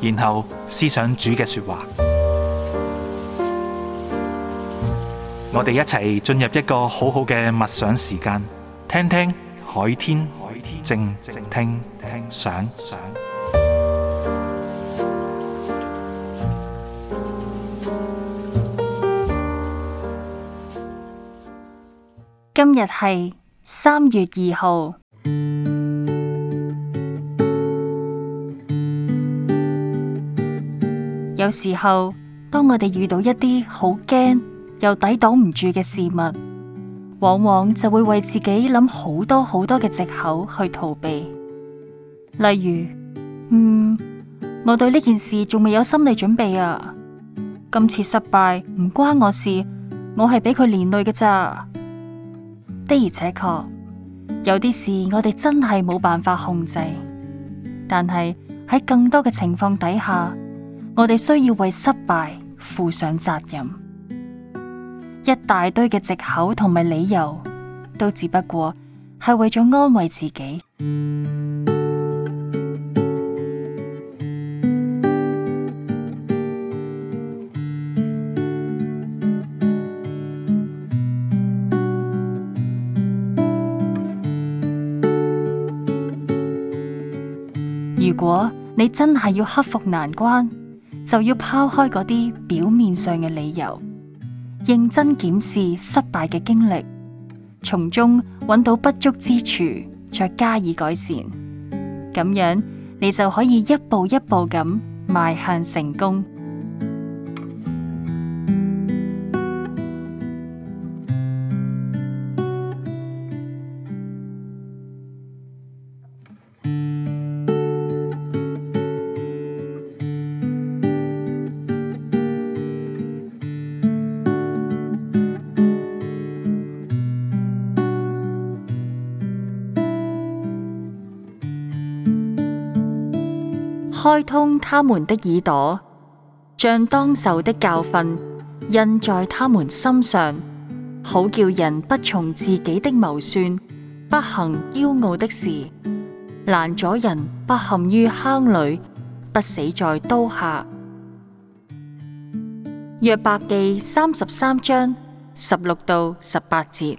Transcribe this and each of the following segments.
然後思想主嘅說話，我哋一齊進入一個好好嘅默想時間，聽聽海天靜聽想。今日係三月二號。有時候，當我哋遇到一啲好驚又抵擋唔住嘅事物，往往就會為自己諗好多好多嘅藉口去逃避。例如，嗯，我對呢件事仲未有心理準備啊，今次失敗唔關我事，我係俾佢連累嘅咋。的而且確，有啲事我哋真係冇辦法控制，但係喺更多嘅情況底下。我哋需要為失敗負上責任，一大堆嘅藉口同埋理由，都只不過係為咗安慰自己。如果你真係要克服難關，就要拋開嗰啲表面上嘅理由，認真檢視失敗嘅經歷，從中揾到不足之處，再加以改善。咁樣，你就可以一步一步咁邁向成功。開通他們的耳朵，將當受的教訓印在他們心上，好叫人不從自己的謀算，不行驕傲的事，攔阻人不陷於坑裏，不死在刀下。約伯記三十三章十六到十八節。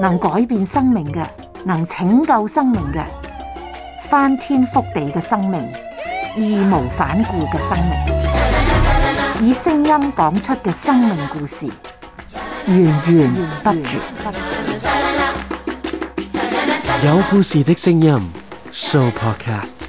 能改變生命嘅，能拯救生命嘅，翻天覆地嘅生命，義無反顧嘅生命，以聲音講出嘅生命故事，源源不絕。有故事的聲音，Show Podcast。